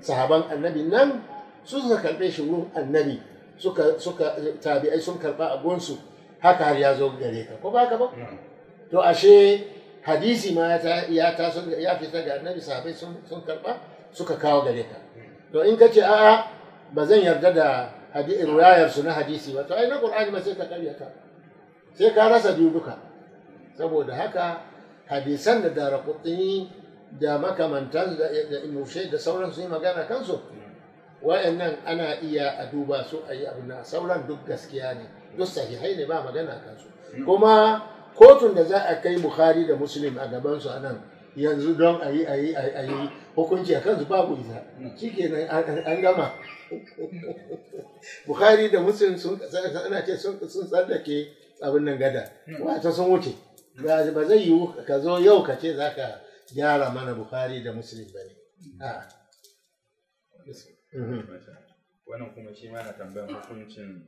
sahaban annabi nan su suka karɓe shi wurin annabi suka suka tabi'ai sun karɓa a gonsu haka har ya zo gare ka ko ba ka ba to ashe hadisi ma ya taso ya fita ga annabi sahabai sun karɓa suka kawo gare ka to in ka ce a'a ba zan yarda da riwayarsu na hadisi ba to ai na qur'ani ma sai ka ƙaryata sai ka rasa biyu duka saboda haka hadisan da darakutini da makamantan da inushe da sauran su yi magana kansu wa'annan ana iya a duba su a yi abu na sauran duk gaskiya ne duk sahihai ne ba magana kansu kuma kotun da za a kai bukhari da muslim a gabansu a nan yanzu don a yi hukunci a kansu babu isa shi kenan an gama bukhari da muslim sun ana ce sun tsallake abin nan gada wata sun wuce ba zai yiwu ka zo yau ka ce za ka gyara mana Bukhari da musulun ba ne. Hmm. Ah. Wannan mhm. kuma shi mana tambayar hukuncin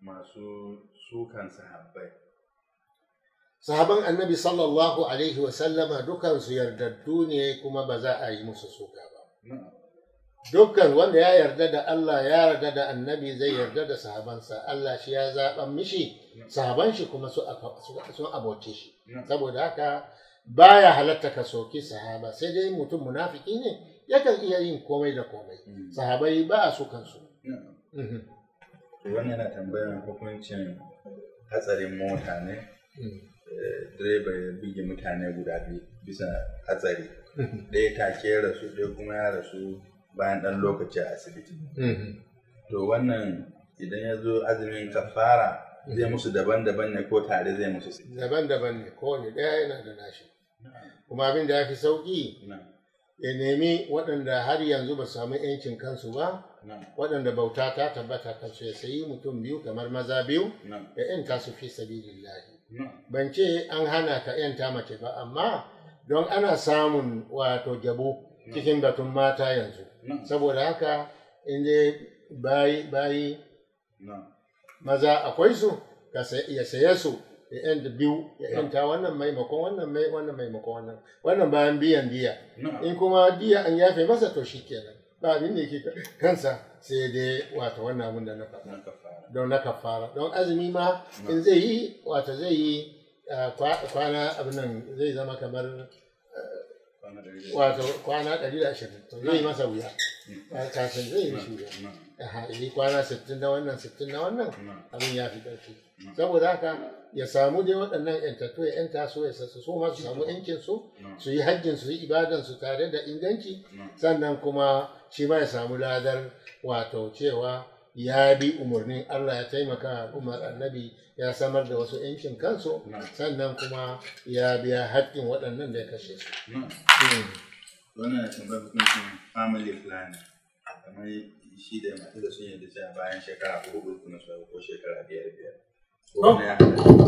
masu sukan sahabbai. Sahaban annabi sallallahu Alaihi wasallama dukansu yardaddu ne kuma ba za a yi musu suka ba. dukkan wanda ya yarda da Allah ya yarda da annabi zai yarda da sahabansa Allah shi ya zaɓa mishi sahaban shi kuma sun abote shi saboda haka baya halatta ka soki sahaba sai dai mutum munafiki ne yakan iya yin komai da komai sahabai ba a so kansu mhm. wannan yana tambayar hukuncin hatsarin mota ne mhm. eh, direba ya buge mutane guda biyu bisa hatsari mhm. ɗaya take rasu ɗaya kuma ya rasu bayan ɗan lokaci a asibiti mm-hmm. to wannan idan ya zo azumin kafara zai musu daban-daban ne ko tare zai musu daban-daban ne wani ɗaya yana da nashi kuma abin da ya fi sauƙi ya nemi waɗanda har yanzu ba samu yancin kansu ba waɗanda bauta ta tabbata kansu ya sayi mutum biyu kamar maza biyu ya yanta su fi sabilillahi ban ce an hana ka yanta mace ba amma don ana samun wato jabo cikin batun mata yanzu saboda haka in bayi bayi maza akwai su ya saye su ya yan da biyu ya yanta wannan maimakon wannan wannan maimakon wannan wannan bayan biyan diya in kuma diya an yafe masa to shi kenan ba abin da yake kansa sai dai wata wannan abin da na faɗa don na kafara don azumi ma in zai yi wata zai yi ah, kwana abin nan zai zama kamar wato kwana ashirin, to zai masa wuya hmm. kafin zai yi wuya yi kwana sittin na wannan sittin na wannan abin ya fi ƙarfi saboda haka ya samu dai waɗannan yantattu ya yanta so ya sassu so masu su samu yankin su su yi hajjin su yi ibadan su tare da inganci sannan kuma shi ma ya samu ladar wato cewa ya bi umarnin Allah ya taimaka al'ummar annabi ya samar da wasu yankin kansu sannan kuma ya biya haƙƙin waɗannan da ya kashe su. Hmm. Wannan tambayar hukuncin family planning kamar shi da mata da sun yadda cewa bayan shekara hudu kuma su ko shekara biyar biyar. Oh.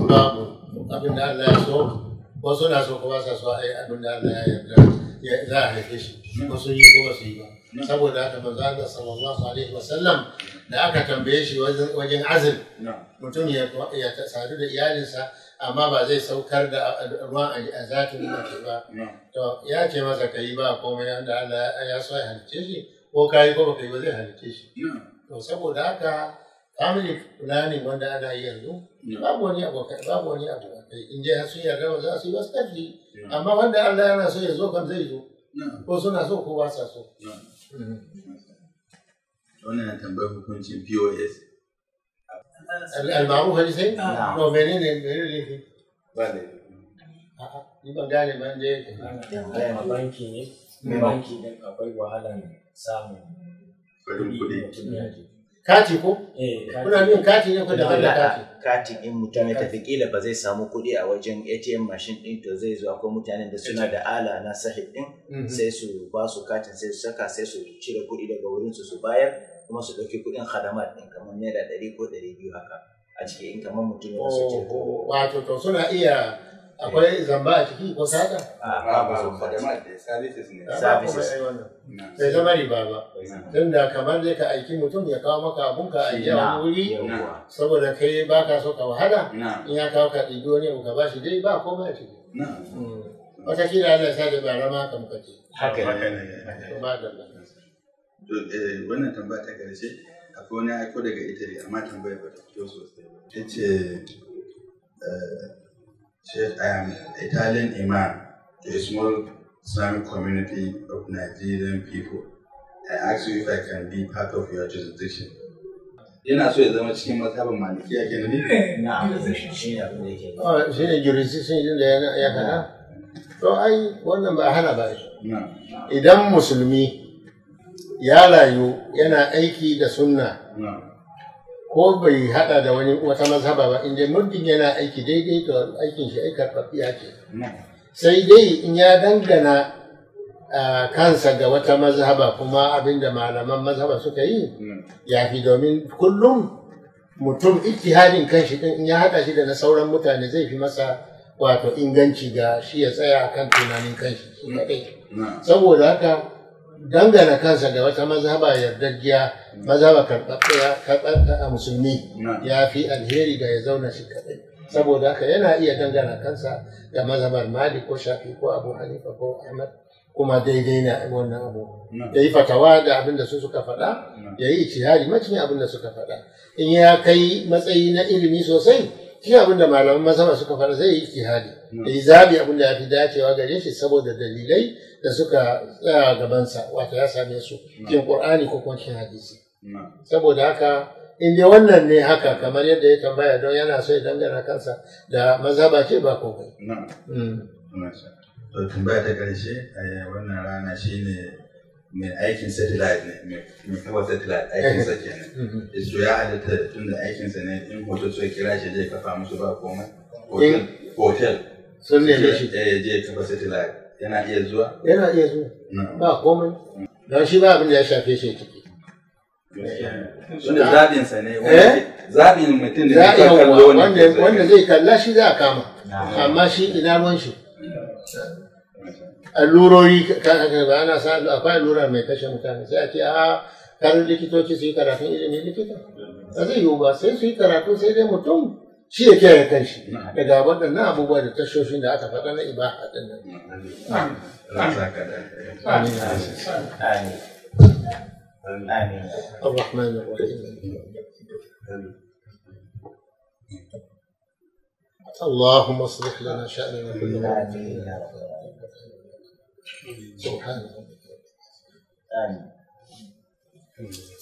Babu abin da Allah ya so wasu na so kuma sa so a yi abin da Allah ya yarda. za a haife shi ko sun yi ko ba su yi ba saboda haka manzo sallallahu alaihi wasallam da aka tambaye shi wajen azumi mutum ya sadu da iyalinsa amma ba zai saukar da ruwan a zatin mace ba to ya ce masa kai ba komai wanda Allah ya so ya halice shi ko kai ko ba kai ba zai halice shi to saboda haka family planning wanda ana yi yanzu babu wani abokai babu wani abokai in je sun yarda ba za su yi wasu kaji amma wanda Allah yana so ya zo kan zai zo ko suna so ko ba sa so mm-hmm. wannan tambayar hukuncin POS al sai? hadisai ah. to menene menene ne ba ne ni ban gane ban je banki ne banki din akwai wahalan samun kuɗi mutum kati ko eh, kuna bin kati ne ko da wanda kati kati in mutum ya tafi kila ba zai samu kuɗi a wajen ATM machine din to zai zo akwai mutanen da suna da ala na sahib din mhm. sai su ba su katin sai su saka sai su cire kuɗi daga wurin su su bayar kuma su ɗauki kuɗin hadamat din kamar naira ɗari ko ɗari biyu haka a cikin in kamar mutum ya ce wato to suna iya akwai zamba a ciki ko sada? Ah, ba ba ba da services ne services bai zama riba ba don da kamar dai ka aiki mutum ya kawo maka abun ka aiki a wuri saboda kai ba ka so ka wahala in ya kawo ka ɗigo ne ka ba shi dai ba komai a ciki hmm. wata kila ana sa da bara ma kam kace haka ne ba da to eh, wannan tambaya ta karshe akwai wani aiko daga Italy amma tambayar ba ta fito sosai ba ta ce eh, Sheikh, I am Italian Imam to a small Islamic community of Nigerian people. I ask you if I can be part of your jurisdiction. Yana so ya zama cikin mazhabin malikiya kenan ne? Eh, amince shi ne abin da yake. shi ne da ya kana? To ai wannan ba hana ba Idan musulmi ya rayu yana aiki da sunna. ko bai hada da wani wata mazhaba ba inda muddin yana aiki daidai to aikin shi aikar karɓaɓɓiya ce sai dai in ya dangana kansa ga wata mazhaba kuma abinda malaman mazhaba suka yi ya fi domin kullum mutum ittihadin kanshi din in ya haɗa shi da na sauran mutane zai fi masa wato inganci ga shi ya tsaya kan tunanin kanshi saboda haka dangana kansa ga wata mazhaba yardajjiya mm. mazhaba karɓaɓɓiya a musulmi mm. ya fi alheri ga ya zauna shi kaɗai saboda haka yana iya dangana kansa ga mazhabar mali ko shafi ko abu hanifa ko ahmad kuma daidai na wannan abu mm. ya yi fatawa ga abin da su suka faɗa ya yi cihari macin abin da suka faɗa in ya kai matsayi na ilimi sosai shi abin da malaman mazhaba suka fara zai yi ijtihadi da yi zabi abin da ya fi dacewa gare shi saboda dalilai da suka tsaya gabansa wato ya same su cikin qur'ani ko kuma cikin hadisi saboda haka in dai wannan ne haka kamar yadda ya tambaya don yana so ya dangana kansa da mazhaba ce ba komai mm. eh, rana shine mai aikin satellite ne mai kafa satellite aikinsa eh. kenan isu mm-hmm. ya halitta tun da aikinsa ne in hoto suka kira shi zai kafa musu ba komai eh. hotel sun ne da shi ya eh, je kafa satellite yana iya zuwa yana iya zuwa ba komai Dan shi ba abin da ya shafe shi ciki zaɓin zaɓinsa ne zaɓin mutum da zai kallo wanda zai kalla shi za a kama amma shi ina ruwan shi allurori ana sa akwai allura mai kashe mutane sai a ce a karin likitoci su yi karatun ilimin likita ba zai yiwu ba sai su yi karatu sai dai mutum shi ya kiyaye kanshi daga waɗannan abubuwa da tashoshin da aka faɗa na ibaha ɗin nan. Amin. الرحمن الرحيم اللهم اصلح لنا شأننا كله 你看，爱你。